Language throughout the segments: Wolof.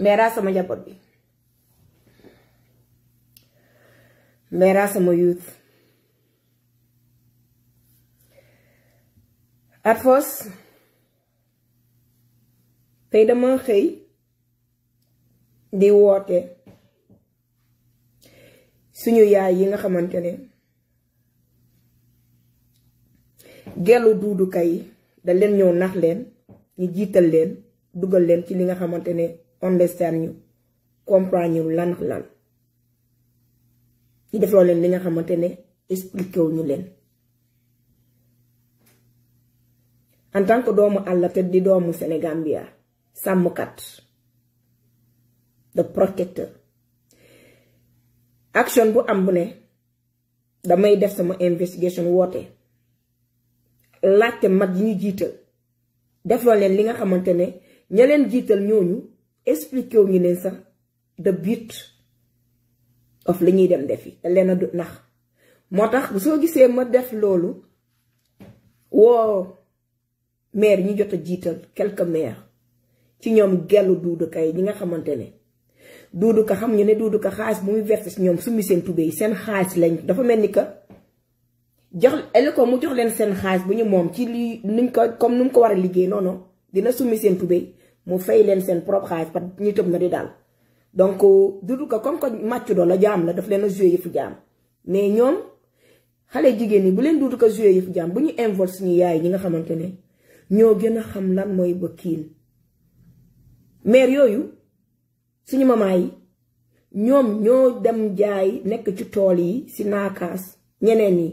mbeeraa sama njaboot bi mbeeraa sama youth at fos tey dama xëy di woote suñu yaay yi nga xamante ne gellu yi da leen ñëw nax leen ñu jiital leen dugal leen ci li nga xamante ne understand ñu comprendre ñu lan lan ñu defloo leen li nga xamante ne expliqué ñu leen en tant que doomu àll te di doomu Sénégambia sàmmkat the protecteur action bu am bu ne damay def sama investigation woote laajte mag yi ñu jiital defloo leen li nga xamante ne ña leen jiital ñooñu expliqué wu ñu leen sa the but of li ñuy dem defi te leen du nax moo tax bu soo gisee ma def loolu woo maire ñu jot a jiital quelques maires ci ñoom gelu duudu yi ñi nga xamante ne duudu ka xam ñu ne duudu ka xaalis bu muy verser si ñoom summi seen tubéy seen xaas lañ dafa mel ni ka jox ele mu jox leen seen xaalis bu ñu moom ci li nuñ ko comme nu mu ko war a liggéey noonu dina summi seen tubéy mu fay leen seen propre xaalis parce que ñu tëb na di daal donc euh, Doudou ko comme que màccu doon la jaam la daf leen a joué yëfu jaam mais ñoom xale jigéen ñi bu leen Doudou Ka joué yëfu jaam bu ñu involve suñu yaay ñi nga xamante ne ñoo gën a xam lan mooy bëkkiin mère yooyu suñu mamaa yi ñoom ñoo dem jaay nekk ci tool yi si naakaas ñeneen yi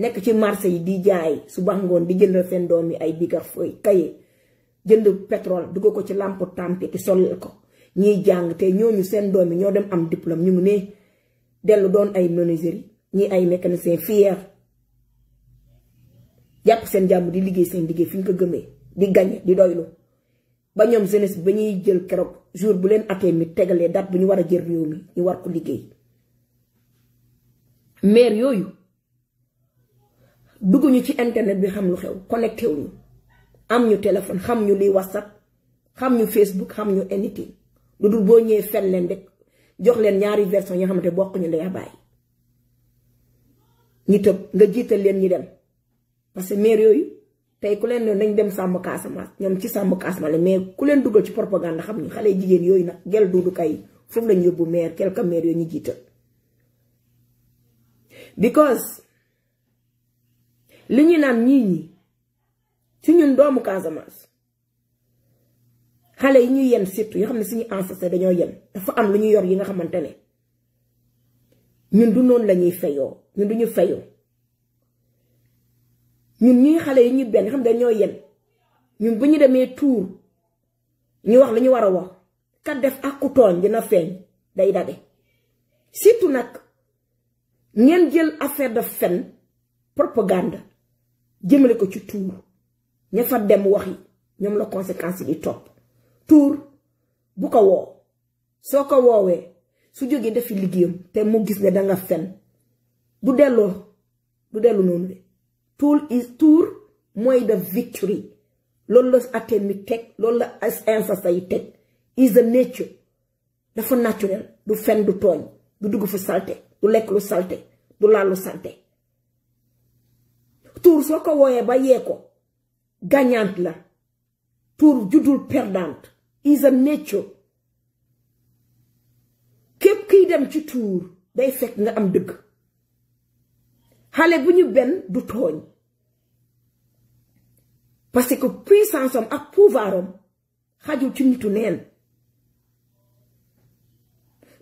nekk ci marché yi di jaay su baax ngoon di jëndal seen doom yi ay bigar fooy kaye jënd pétrole dugg ko ci làmpu tàmpi ki solal ko ñiy jàng te ñooñu seen doom yi ñoo dem am diplôme ñu mu nee dellu doon ay menuiserie ñi ay mécanicien fier jàpp seen jàmm di liggéey seen liggéey fi ñu ko gëmee di gañe di doylu ba ñoom jeunesse ba ñuy jël keroog jour bu leen atee mi tegalee date bu ñu war a jël réew mi ñu war ko liggéey maire yooyu dugg ñu ci internet bi xam lu xew connecté am ñu téléphone xam ñu li whatsapp xam ñu facebook xam ñu anything lu dul boo ñëwee fen leen rek jox leen ñaari version yoo xamanté bokku ñu lay bàyyi ñi tëb nga jiital leen ñi dem parce que maire yooyu tay ku leen nañ dem sàmm Casamance ñom ci sàmm Casamance la mais ku leen duggal ci propagande xam ñu xalé jigen yooyu nak gel duudu kay fu lañ yobbu maire quelque maire yooyu ñi jiital because liñu nane naan ñi ci ñun doomu Casamance xale yi ñu yen surtout yoo xam ne suñu ancêtres dañoo yen dafa am lu ñu yor yi nga xamante ñun du noonu la ñuy fayoo ñun du ñu fayoo ñun ñuy xale yi ñu benn xam dañoo yen ñun bu ñu demee ñu wax lu ñu war a wax kat def ak ku tooñ dina feeñ day dabe surtout nag ngeen jël affaire de fen propagande ko ci ña fa dem wax yi ñoom la conséquence yi di topp tuur bu ko woo soo ko woowee su jógee defi liggéeyam te mu gis ne danga fen du delloo du dellu noonu de tuur mooy de victory loolu la ateen mi teg loolu la insasta yi teg is the nature dafa naturel du fen du tooñ du dugg fu salte du lekk lu salte du laal lu salte tuur soo ko woowee ba yee ko gagnante la pour judul perdante isa necco képp kiy dem ci tuur day fekk nga am dëgg xale bu ñu benn du tooñ parce que puissance am ak pouvoir am xajul ci nitu neen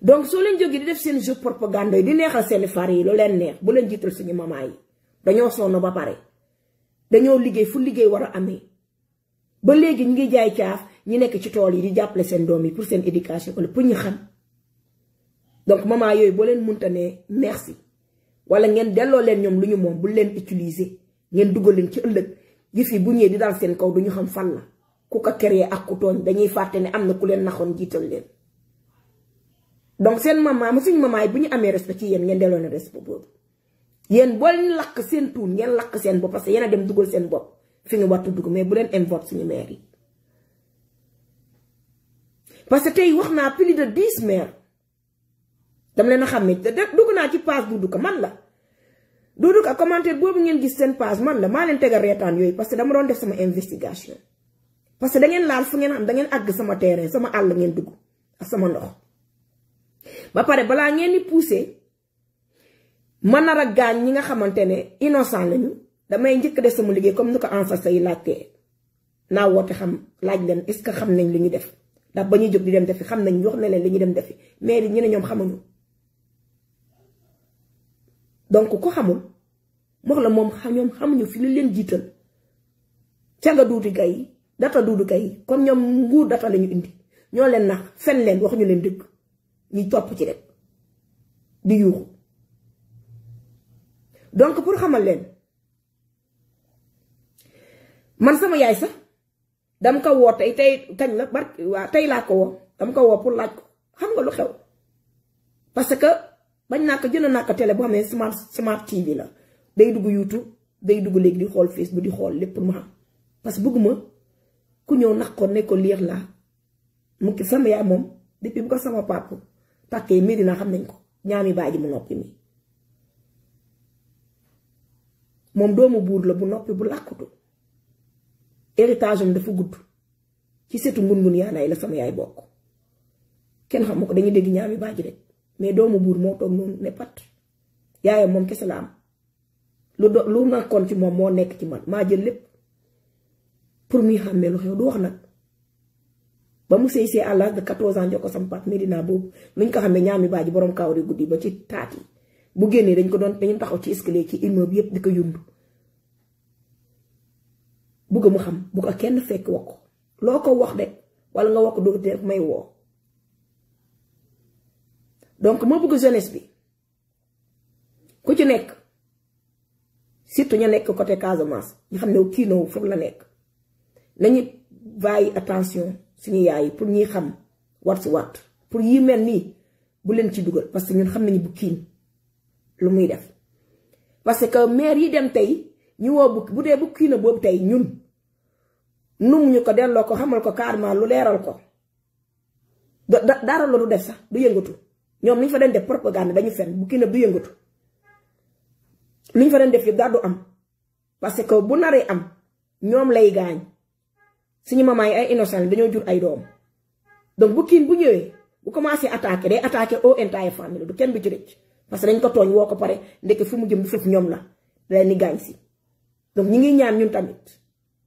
donc soo leen jógee di def seen jeu propagande yi di neexal seeni far yi lu leen neex bu leen jiital suñu mamaa yi dañoo sonn ba pare dañoo liggéey fu liggéey war a amee ba léegi ñu ngi jaay caaf ñu nekk ci tool yi di jàppale seen doom yi pour seen éducation wala pour ñu xam donc maman yooyu boo leen munta ne merci wala ngeen delloo leen ñoom lu ñu moom bu leen utiliser ngeen dugal leen ci ëllëg gis yi bu ñëwee di daal seen kaw du ñu xam fan la ku ko yi ak ku tooñ dañuy fàtte ne am na ku leen naxoon jiital leen donc seen maman suñu maman yi bu ñu amee respect ci yéen ngeen delloo leen boobu. yen boo ni lak sen tour ngeen lak sen bop parce que dem dugul sen bop fi nga watou dug mais bu len invoque suñu maire yi parce que tey plus de 10 maire dam leen xamé xam ne dugg ci passe Doudou Ka man la Doudou Ka commentaire bobu ngeen gis sen passe man la ma len tegal retane yoy parce que dama doon def sama investigation parce que da ngeen laal fu ngeen am da ngeen ag sama terrain sama all ngeen dug sama ndox ba pare bala ngeen ni pousser ma nar a gaañ ñi nga xamante ne innocent lañu damay njëkk def sama liggéey comme ni ko enfance yi laajtee naa woote xam laaj leen gis ce que xam nañ li ñu def ndax ba ñu jóg di dem defi xam nañ wax ne leen li ñu dem defi mais li ñu ne ñoom xamuñu donc ko xamul wax la moom ñoom xamuñu fi li leen jiital ca nga duuti kay data duudu kay comme ñoom nguur dafa lañu indi ñoo leen nax fen leen wax ñu leen dëgg ñu topp ci rek di yuuxu donc pour xamal leen man sama yaay sax dama ko woo tey tey kañ la bar waa tey laa ko woo dama ko woo pour laaj ko xam nga lu xew parce que bañ naa ko jënd naa ko télé boo xam ne smart smart TV la day dugg YouTube day dugg léegi di xool fiis bu di xool lépp ma xam parce que bëgguma ku ñëw nax ko ne ko liir laa mu sama yaay moom depuis bu ko sama papa takkee mii dina xam nañ ko ñaami baaji mu noppi mi moom doomu buur la bu noppi bu làkkutu héritage am dafa gudd ci setu mbun mbun yaanaay la sama yaay bokk kenn xam ko dañuy dégg ñaami baaj rek mais doomu buur moo toog noonu ne pat yaayam moom kese la am lu do lu nekkoon ci moom moo nekk ci man maa jël lépp pour muy xàmmee lu xew du wax nag ba mu sëy see à l'âge de 14 ans jox ko sama pap Medina boobu luñ ko xamee ñaami baaji borom kawri guddi ba ci taat bu génnee dañ ko doon dañu taxaw ci escalier ci immeuble yëpp di ko yund bugg mu xam bu kenn fekk wax ko loo ko wax de wala nga wax ko doo def may woo donc moo bëgg jeunesse bi ku ci nekk surtout ñu nekk côté Casamance ñu xam ne kii noo foofu la nekk nañu bàyyi attention suñu yaay pour ñuy xam wat si wat pour yi mel nii bu leen ci dugal parce que ñun xam nañu bu kiin lu muy def parce que maire yi dem tey ñi woo bu bu dee bu kii boobu tey ñun num ñu ko delloo ko xamal ko carrément lu leeral ko da dara la du def sax du yëngatu ñoom li ñu fa doon def propagande dañu fen bu kii na du yëngatu lu ñu fa def yëpp daal du am parce que bu naree am ñoom lay gaañ suñu ma yi ay innocent dañoo jur ay doom donc bu kiin bu ñëwee bu commencé attaqué day attaqué au entire famille du kenn bi ci parce que dañ ko tooñ woo ko pare ndekk fu mu jëm foofu ñoom la leen ni gaañ si donc ñi ngi ñaan ñun tamit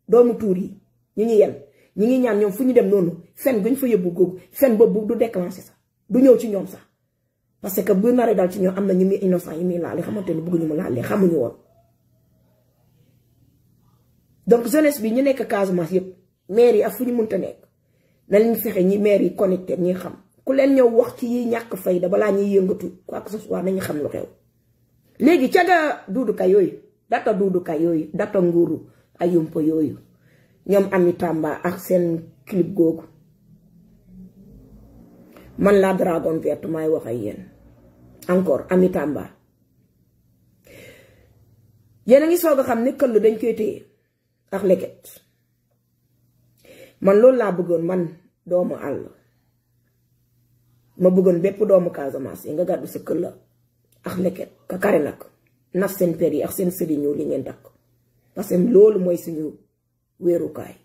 doomu tuur yi ñu ngi yem ñu ngi ñaan ñoom fu ñu dem noonu fen guñ fa yóbbu googu fen boobu du déclenché sax du ñëw ci ñoom sax parce que bu naree dal ci ñoom am na ñu muy innocent yi muy laal yi xamante ne bëgguñu mu laal leen xamuñu woon. donc jeunesse bi ñu nekk Casamance yëpp maire yi ak fu ñu mënta nekk na leen fexe ñi maire yi connecté ñi xam. ku len ñew wax ci yi fay da bala ñuy yëngatu quoi que ce soit nañu xam lu xew ga caga kay yoy data kay yoy data nguru ay po yoy ñom ami tamba ak sen clip man la dragon vert may wax ay yeen encore ami tamba yéen ngi soga a xam dañ koy ak leket man lool la bëggoon man doomu allah ma bëggoon bépp doomu Casamance yi nga gàddu sa kër la ak leket ka kare nag naf seen per yi ak seen sëriñ ñëw li ngeen takk parce que loolu mooy suñu wéerukaay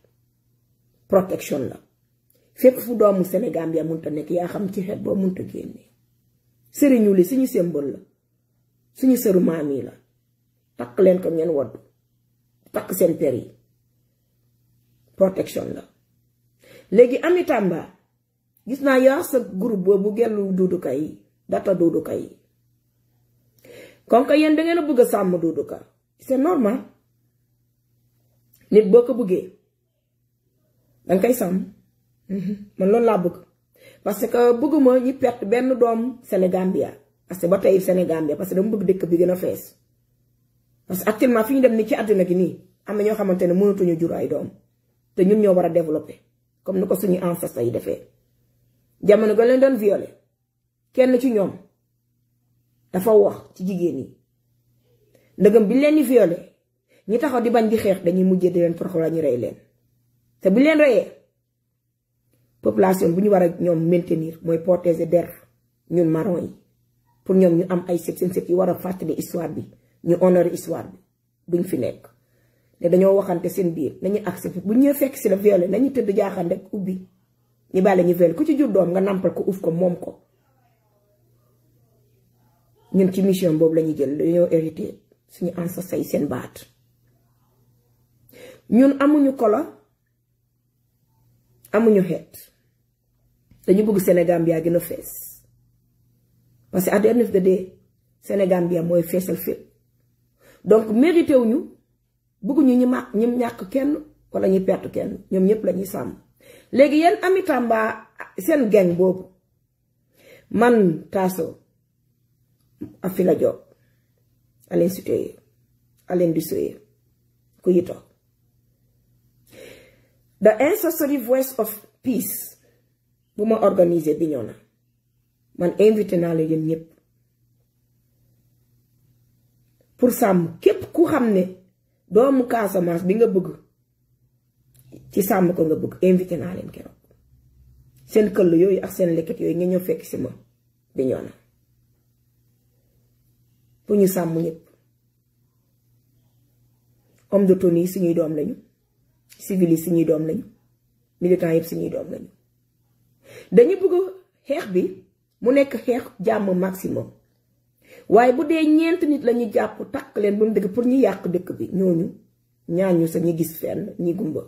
protection la fépp fu doomu Sénégal bi mënta nekk yaa xam ci xet boo mënta génne sëriñu li suñu symbole la suñu sëru maam la takk leen ko ngeen wadd takk seen per yi protection la léegi ami Tamba gis na ya sa groupe boobu gelu Doudou kay data Doudou kay kon que yeen da ngeen beug sam a Ka c'est normal nit boko beugé dang kay sam sàmm mhm, man lool la beug parce que beuguma ñi perte ben dom Sénégambia parce que ba tey Sénégambia parce que dama beug dekk bi gëna fess parce que actuellement fi dem ni ci aduna gi ni am na ño xamantene ne mënatuñu jur ay doom ñun ño wara développer comme ni suñu ancestors yi défé jamono ga leen doon violé kenn ci ñoom dafa wax ci jigéen yi ndëgëm bi leen di violé ñi taxaw di bañ di dañuy di ñu rey leen te bu leen reyee population bu ñu war a ñoom maintenir mooy protéger der ñun marron yi pour ñoom ñu am ay sët seen yi war a histoire bi ñu honorer histoire bi buñ fi nekk ne dañoo waxante seen biir nañu accepté bu ñu fekk la violé nañu ñi bàyyi ñu veillé ku ci jur doom nga nàmpal ko uuf ko moom ko ñun ci mission boobu la ñuy jël dañoo hérité suñu ancêtres yi seen baat ñun amuñu kolo amuñu xeet dañu bëgg Sénégambia gën a fees parce que at the end of the day mooy feesal fépp donc mérité wuñu bëgguñu ñu ma ñu ñàkk kenn wala ñu perte kenn ñoom ñëpp lañuy sàmm. léegi yéen ami Tamba seen gang boobu man Taaso Afila Diop Aline Sitoé Aline Dusoye Kuyito the ancestry voice of peace bu ma organiser bi ñëw na man invité naa la yéen ñëpp pour sàmm képp ku xam ne doomu Casamance bi nga bëgg ci sàmm ko nga bëgg invité naa leen keroog seen këll yooyu ak seen lekket yooyu nga ñëw fekk si ma bi ñoo na pour ñu sàmm ñëpp homme de yi suñuy doom lañu civil yi suñuy doom lañu militant yëpp suñuy doom lañu dañu bëgg xeex bi mu nekk xeex jàmm maximum waaye bu dee ñeent nit lañu jàpp tàkk leen bu mu dëgg pour ñu yàq dëkk bi ñooñu ñaan ñu sa ñu gis fenn ñi gumba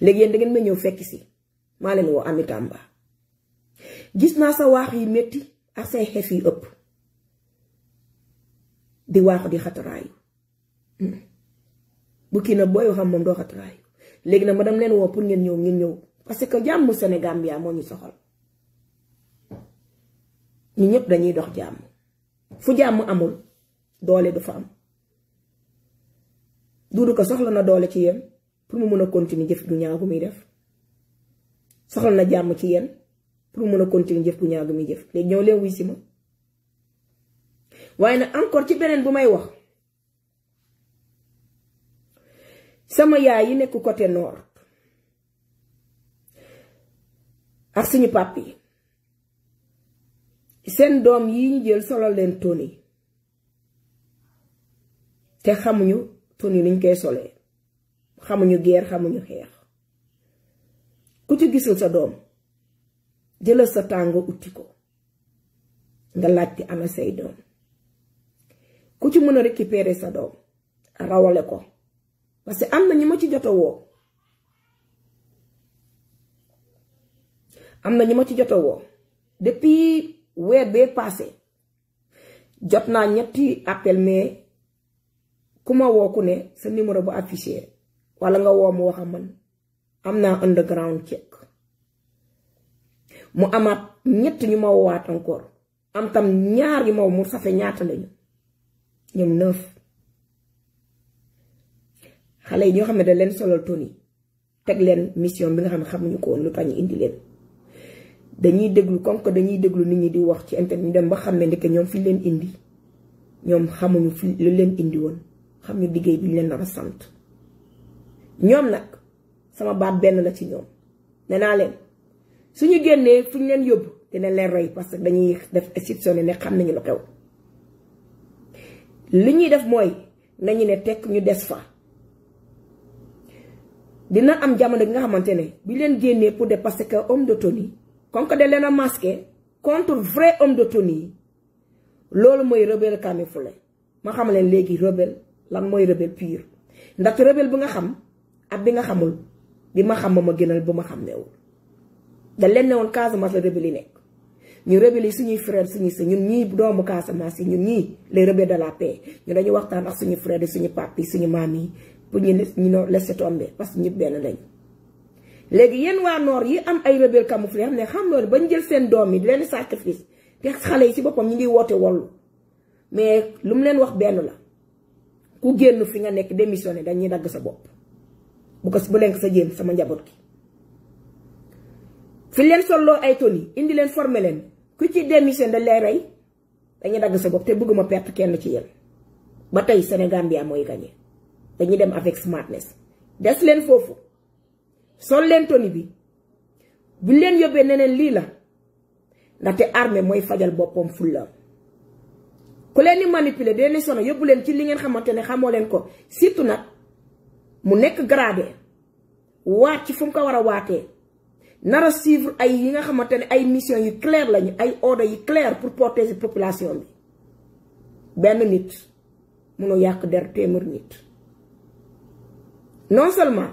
léegi yéen da ngeen ma ñëw fekk si maa leen woo Ami Tamba gis naa sa waax yi métti ak say xef yi ëpp di waaxu di xataraayu hmm. bu kii na booy xam moom doo xataraayu léegi nag ma dem leen woo pour ngeen ñëw ngeen ñëw parce que jàmm Sénégal bi moo ñu soxal ñu ñëpp dañuy dox jàmm fu jàmm amul doole du fa am duudu ko soxla na doole ci yéen. pour mu mën a continuer jëf gu ñaaw gu muy def soxla na jàmm ci yéen pour mu mën a continuer jëf gu ñaaw gu muy jëf léegi ñëw leen wuy si ma waaye nag encore ci beneen bu may wax sama yaay yi nekk côté nord ak suñu pàpp yi seen doom yi ñu jël solo leen toni te xamuñu ni niñ koy solee xamuñu guerre xamuñu xeex ku ci gisul sa doom jëlal sa tàngo utti ko nga laajte ana say doom ku ci mën a récupérer sa doom rawale ko parce que am na ñi ma ci jot a woo am na ñi ma ci jot a woo depuis weer bee passé jot naa ñetti appel mais ku ma woo ku ne sa numéro bu affiché wala nga wo mo waxa man amna underground check mu amat ñet ñu ma woowaat encore am tam ñaar yu mo mu safé ñaata lañu ñoom neuf xalé ñu xamé da leen solal toni tek leen mission bi nga xamé xamuñu ko lu tañ indi leen dañuy déglu kon ko dañuy déglu nit ñi di wax ci internet dem ba xamé ni ke ñom fi leen indi ñom xamuñu fi lu leen indi won xamni ñu bi dara sante ñoom nag sama baat benn la ci ñoom nee leen suñu génnee fu ñu leen yóbbu dina leen rey parce que dañuy def exception ne xam nañu lu xew li ñuy def mooy nañu ne tekk ñu des fa dina am jamono gi nga xamante ne bi leen génnee pour de parce que homme de tenue comme leen a masqué contre vrai homme de yi loolu mooy rebelle camouflé ma xam leen léegi rebelle lan mooy rebelle pure ndax rebelle bu nga xam at bi nga xamul bi ma xam ma ma gënal bu ma xam newul da leen ne woon Casamance la rebelle yi nekk ñu rebelle yi suñuy frère suñuy sœur ñun ñii doomu Casamance yi ñun ñii les rebelles de la paix ñu dañu waxtaan ak suñu frère yi suñu papa yi suñu maam yi pour ñu ne ñu ne laisser tomber parce que ñëpp benn lañu. léegi yéen waa noor yi am ay rebelle camouflé xam ne xam loolu bañ jël seen doom yi di leen sacrifice te xale yi ci boppam ñu ngi woote wollu mais lu mu leen wax benn la ku génn fi nga nekk démissionné dañuy dagg sa bopp. bu ko bu leen ko sa jëm sama njabot gi fi len solo ay toni indi len formé len ku ci démission da lay ray dañu dag sa bop té bëgguma pert kenn ci yeen ba tay Sénégal bi amoy gagné dañu dem avec smartness dess len fofu sol len toni bi bu len yobé nenen li la ndaxte armée moy fajal bopom fullaam ku len ni manipuler dinañ sono yóbbu ci li ngeen xamanté ne xamoo ko surtout nak mu nekk gradé waat ci fu mu ko war a waatee nar a suivre ay yi nga xamante ne ay mission yu clair lañu ay ordre yu clair pour protéger population bi benn nit mënoo yàq der téeméer nit non seulement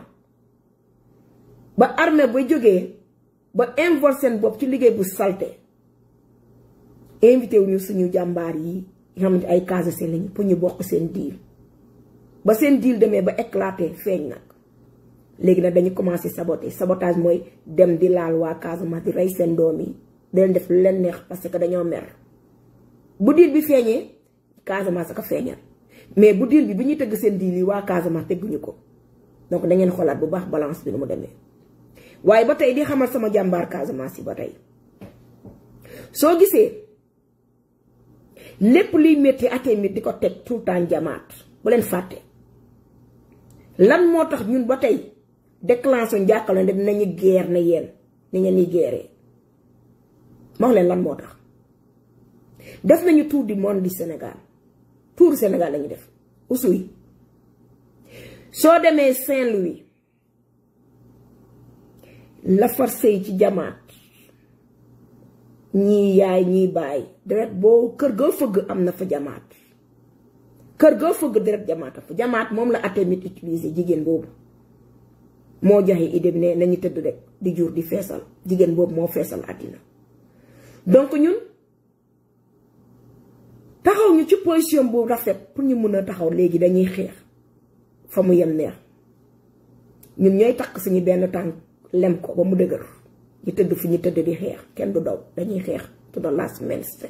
ba armée ba jógee ba involve seen bopp ci liggéey bu salte invité wu ñu suñu jàmbaar yi nga xamante ay casé seen lañu pour ñu bokk seen diir ba seen deal demee ba éclaté feeñ nag léegi nag dañu commencé saboter sabotage mooy dem di laal waa Casamance di rey seen doom yi di def lu leen neex parce que dañoo mer bu deal bi feeñee Casamance ko feeñal mais bu deal bi bu ñuy tëgg seen deal yi waa Casamance tëgguñu ko donc da ngeen xoolaat bu baax balance bi nu mu demee waaye ba tey di xamal sama jàmbaar Casamance yi ba tey soo gisee lépp luy métti atee mit di ko teg tout le temps jamaat bu leen fàtte. lan moo tax ñun ba tey déclenché njàqale dem nañu guerre na yéen ni ngeen ni guerree ma wax leen lan moo tax def nañu tour du monde du Sénégal tour Sénégal lañu def usuy soo demee Saint-Louis lafar sëy ci jamaat ñii yaay ñii baay deret boo kër ga fëgg am na fa jamaat kër go fëgg direct jamaat fa jamaat mom la atemit utiliser jigen bob mo joxe idem ne nañu tëdd rek di jur di fessal jigen bob mo fessal adina donc ñun taxaw ñu ci position bu rafet pour ñu mëna taxaw légui dañuy xex fa mu yam neex ñun ñoy tak suñu benn tank lem ko ba mu dëgër ñu tëdd fi ñu tëdd di xex kenn du daw dañuy xex to the last minute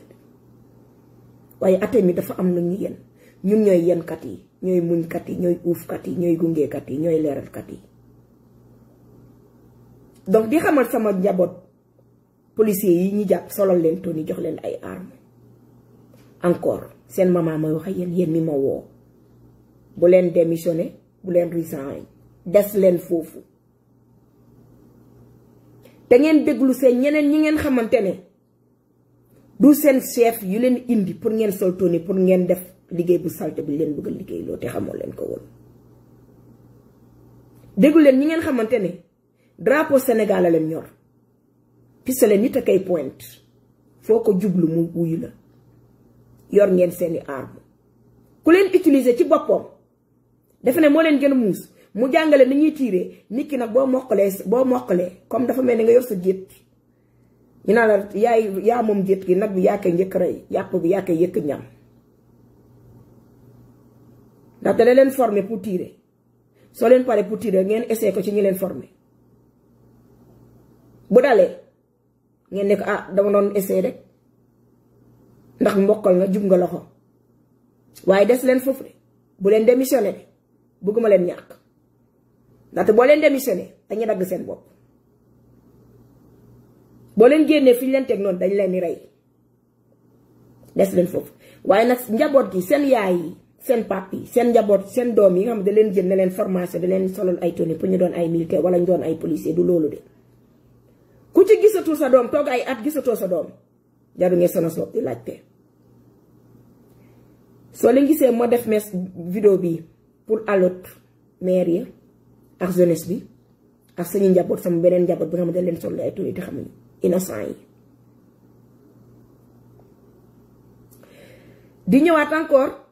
waye waaye mi dafa am lu yenn ñun ñooy kati yi muñ kat yi ñooy kat yi gungé kat yi ñooy kat yi donc di xamal sama njabot policier yi ñi japp solal leen toni jox leen ay arme encore sen mama may wax yeen yeen mi ma wo bu leen démissioné bu leen resign dess leen fofu da ngeen déglu seen ñeneen ñi ngeen du sen chef yu leen indi pour ngeen sol toni pour ngeen def liggéey bu salte bi leen bëgg a liggéey loo te xamoo leen ko woon déggu leen ñi ngeen xamante ne drapeau Sénégal la leen ñor pistole nit a kay point foo ko jublu mu wuyu la yor ngeen seeni arme ku leen utiliser ci boppam defe ne moo leen gën a muus mu jàngale ni ñuy tiiree nit ki nag boo mokkalee boo moqalee comme dafa mel ni nga yor sa jéet ñu naan la yaay yaa moom jéet gi nag bi yaa koy njëkk rey yàpp bi yaa koy yëkk ñam ndax te leen formé pour tirer soo leen pare pour tirer ngeen essayé ko ci ñi leen formé bu dalee ngeen ne ko ah dama doon essayé rek ndax mbokkal nga jub nga loxo waaye des leen foofu de bu leen démissionné de bëgguma leen ñàkk ndaxte boo leen démissionné dañuy dagg seen bopp boo leen génnee fi ñu leen teg noonu dañ leen di rey des leen foofu waaye nag njaboot gi seen yaay yi. seen pap yi seen njaboot seen doom yi nga xam da leen jël ne leen formation da leen ay tenue pour ñu doon ay militaire wala ñu doon ay policier du loolu de ku ci gisatul sa doom toog ay at gisatoo sa doom jaru ngeen sono soog di gisee ma def mes vidéo bi pour alot maire ya ak bi ak sañu njaboot sama beneen njaboot bi nga xam da leen solol ay tenue te xamuñu innocent yi di ñëwaat encore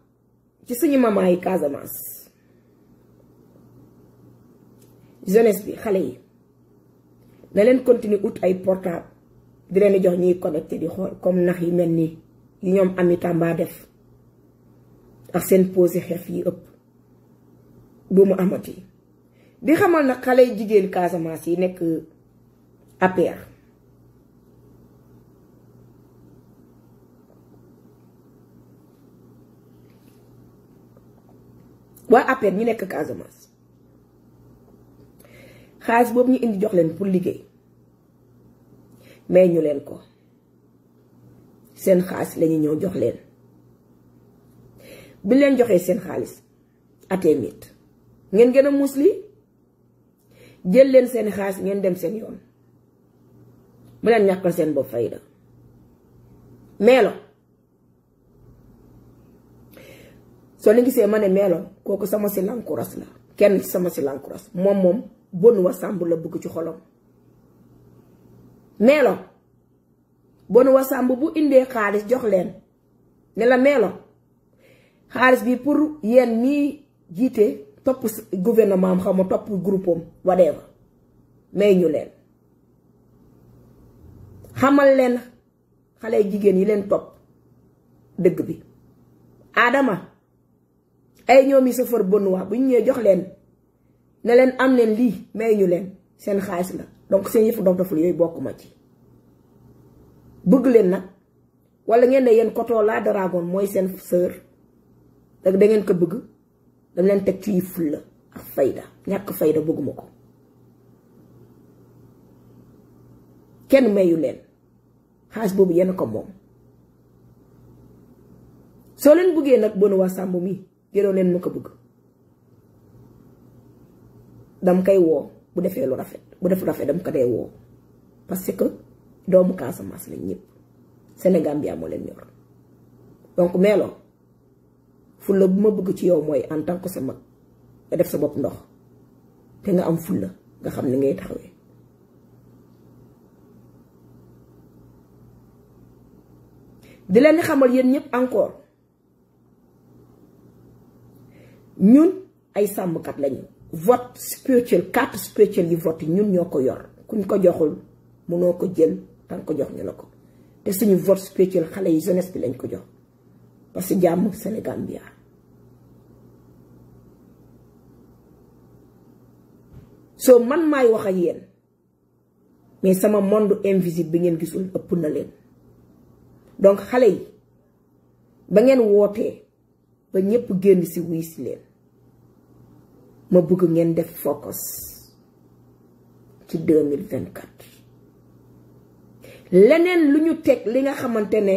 ci suñu maman yi Casamance jeunesse bi xale yi na leen continuer ut ay portable di leen di jox ñuy connecté di xool comme nax yi mel nii yi ñoom ami tàmbaa def ak seen posé xef yi ëpp bu mu amati di xamal nag xale jigéen Casamance yi nekk APR. waa APR ñi nekk Casamance xaalis boobu ñu indi jox leen pour liggéey may ñu leen ko seen xaalis lañuy ñëw jox leen bi leen joxee seen xaalis atemit ngeen gën a muus li jël leen seen xaalis ngeen dem seen yoon bu leen ñàkkal seen bopp fayda meelo soo leen gisee ma ne meelo kooku sama si lankuras la kenn sama si lankuras moom moom bon wa sàmb la bëgg ci xolam meelo bon wa sàmb bu indee xaalis jox leen ne la meelo xaalis bi pour yéen ñii jiite topp gouvernement am xaw ma topp groupe am whatever may ñu leen xamal leen xale jigéen yi leen topp dëgg bi aadama ay ñoomi chauffeur Benoît bu ñu jox len ne len am len li may ñu len seen xaalis la donc seen yef dof doful yoy bokuma ci bëgg len nak wala ngeen ne yeen Koto la Dragon moy seen sœur rek da ngeen ko bëgg dañ len tek ci yef la ak fayda ñak fayda bëgguma ko kenn mayu len xaalis bobu yeen ko mom so len bëggee nak Benoît sambu mi yoro len nu bëgg dam kay wo bu défé lu rafet bu def rafet dam ko dé wo parce que doomu Casamance lañ ñëpp Sénégal bi moo ñor donc mélo fulla bu ma bëgg ci yow moy en tant que sama da def sa bop ndox té nga am fulla nga xam ni ngay taxawé di leen xamal yeen ñëpp encore ñun ay sàmmkat lañu vote spirituel carte spirituelle yi vote ñun ñoo ko yor kuñ ko joxul mënoo ko jël tan ko jox ñu la ko te suñu vote spirituel xale yi jeunesse bi lañ ko jox parce que jàmm senegal bi soo man may wax a yéen mais sama monde invisible bi ngeen gisul ëpp na leen donc xale yi ba ngeen wootee ba ñépp génn ci wuy ci leen ma bëgg ngeen def focus ci 2024 leneen lu ñu teg li nga xamante ne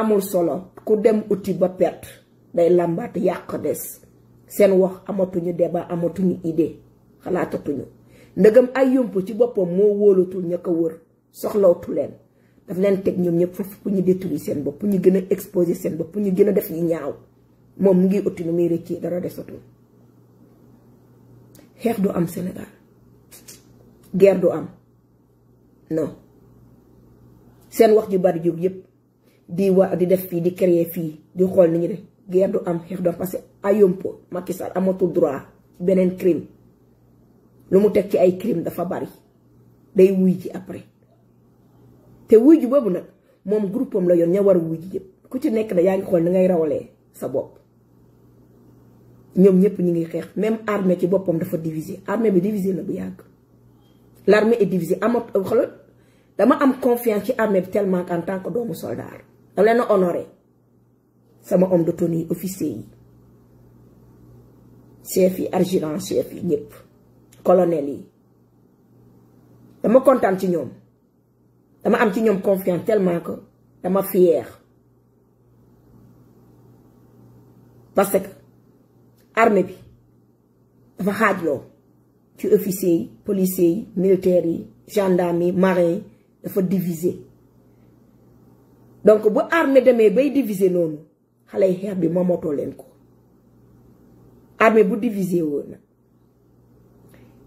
amul solo ku dem uti ba perte day làmbaat yàq des seen wax amatuñu débat amatuñu idée xalaatatuñu ndëgam ay yomb ci boppam moo wóolatul ña ko wër soxlawtu leen daf leen teg ñoom ñëpp foofu pour ñu détruire seen bopp ñu gën a exposer seen bopp ñu gën a def yi ñaaw moom mu ngi uti nu muy rëccee dara desatul xeex du am Sénégal guerre du am non seen wax ju bari jóg yépp di wa di def fii di créer fii di xool ni ñu def guerre du am xeex du am parce que Ayompo Macky Sall amatul droit beneen crime lu mu teg ci ay crime dafa bari day wuy ci après te wuy ji boobu nag moom groupe am la yoon ña war a wuy ji yépp ku ci nekk na yaa ngi xool ni ngay rawalee sa bopp ñom ñep ñi ngi xex même armée ci bopom dafa diviser armée bi diviser la bu yag l'armée est divisée ama xoolal dama am confiance ci armée bi tellement en tant que doomu soldat da leen honoré sama homme de tenue officier yi chef yi argent chef yi colonel yi dama kontaan ci ñom dama am ci ñom confiance tellement que dama fier parce que Arme bi. Vakad yo. Ki ofisi, polisi, militeri, jandami, marin. Vakad divize. Donk bo arme deme be divize non. Hale yi herbe mamotol enko. Arme bo divize yon.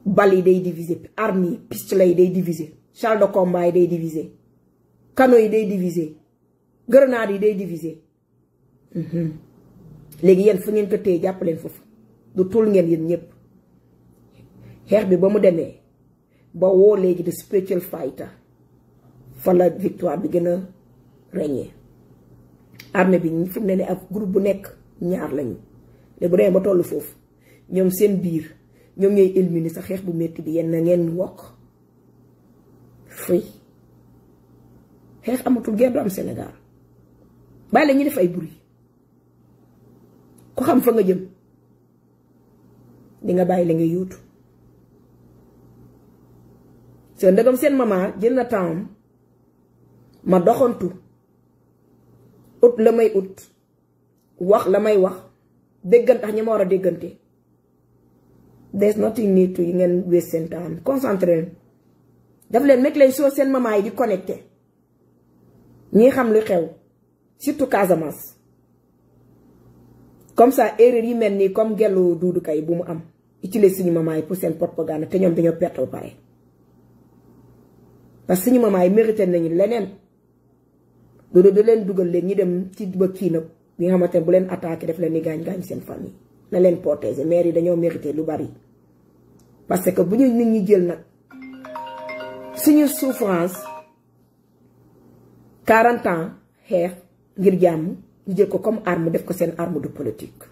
Bali de divize. Armi, pistola yi de divize. Chal do komba yi de divize. Kano yi de divize. Grenade yi de divize. Hmm hmm. léegi yéen fa ngeen ko téye jàpp foofu du tul ngeen yéen ñëpp xeex bi ba mu demee ba woo léegi de spiritual fighter fa la victoire bi gën a ràññee armée bi fu mu ne ni ak groupe bu nekk ñaar lañu léegi bu demee ba tollu foofu ñoom seen biir ñoom ñooy éliminer sa xeex bu metti bi yenn na ngeen wokk fëy xeex amatul guerre du am senegal bàyyi la ñu def ay bruit ku xam fa nga jëm di nga bàyyi la nga yuutu soo ndegam seen maman jël na temps ma doxantu ut la may ut wax la may wax déggante ak ñi ma war a déggante there's nothing need to yi ngeen waste seen temps concentré leen daf leen nekk leen soo seen maman yi di connecté ñi xam lu xew surtout Casamance. comme ça erreur yi melni comme gellu duudu kay bu mu am utiliser suñu mamay pour sen propagande te ñom dañu perte ba pare parce que suñu mamay mérité nañu leneen do do leen duggal leen ñi dem ci ba ki nag bi nga xamante bu leen attaquer def leen ni gañ gañ sen famille na leen protéger mère yi dañu mérité lu bari parce que bu ñu nit ñi jël nak suñu souffrance 40 ans xeex ngir jamm ñu jël ko comme arme def ko seen arme de politique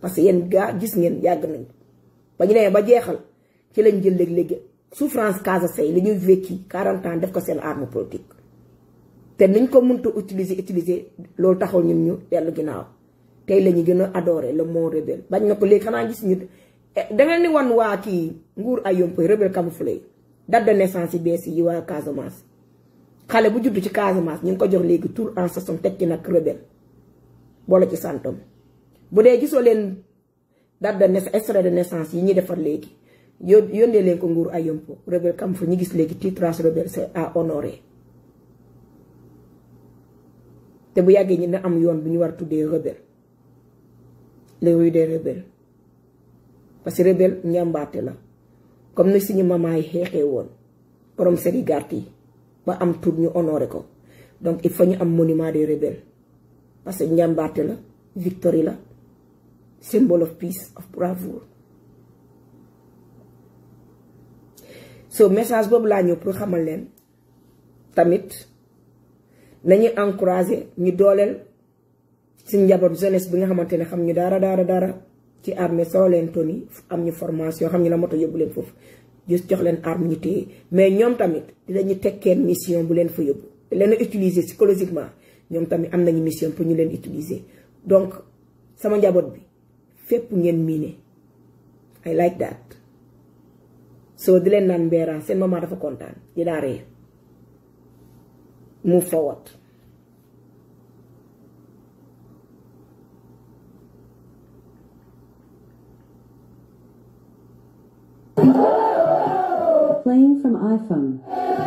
parce que yéen gaa gis ngeen yàgg nañ ba ñu demee ba jeexal ci lañ jël léeg-léegi souffrance casasay li ñuy vécu 40 ans def ko seen arme politique te niñ ko mënta utiliser utiliser loolu taxul ñu ñu dellu ginnaaw tey la ñu gën a adoré la mot rebelle bañ na ko léegi xanaa gis ñu eh, da ngeen ni wan waa kii nguur ay yompoy rebelle camouflé date de naissance yi bees yi waa Casamance xale bu judd ci Casamance ñu ngi ko jox léegi tour en saison teg ci nag rebelle bolé ci santam budé dee gisoo date de naissance extrait de naissance yi ñi defar légui yondé yónnee ko nguur ayum yompo rebel kam fu ñi gis légui titre rebelle c'est à honorer té bu yàggee ñi na am yoon bu ñu war tuddé rebel rebelle les des parce que rebel ñambaté la comme ni suñu yi borom seri garti. ba am tour ñu honoré ko donc il faut ñu am monument des rebelles parce que njàmbaarte la victory la symbol of peace of bravoure so message boobu laa ñëw pour xamal leen tamit nañu encourager ñu dooleel si njaboot jeunesse bi nga xamante ne xam ñu dara dara dara ci armée soo leen toni am ñu formation xam ñu la moto yóbbu leen foofu jox leen arme ñu téye mais ñoom tamit teg kenn mission bu leen fa yóbbu leen utiliser psychologiquement tamit am nañu mission pour ñu leen utiliser donc sama bi ngeen I like that So di leen dafa di move forward Playing from iPhone.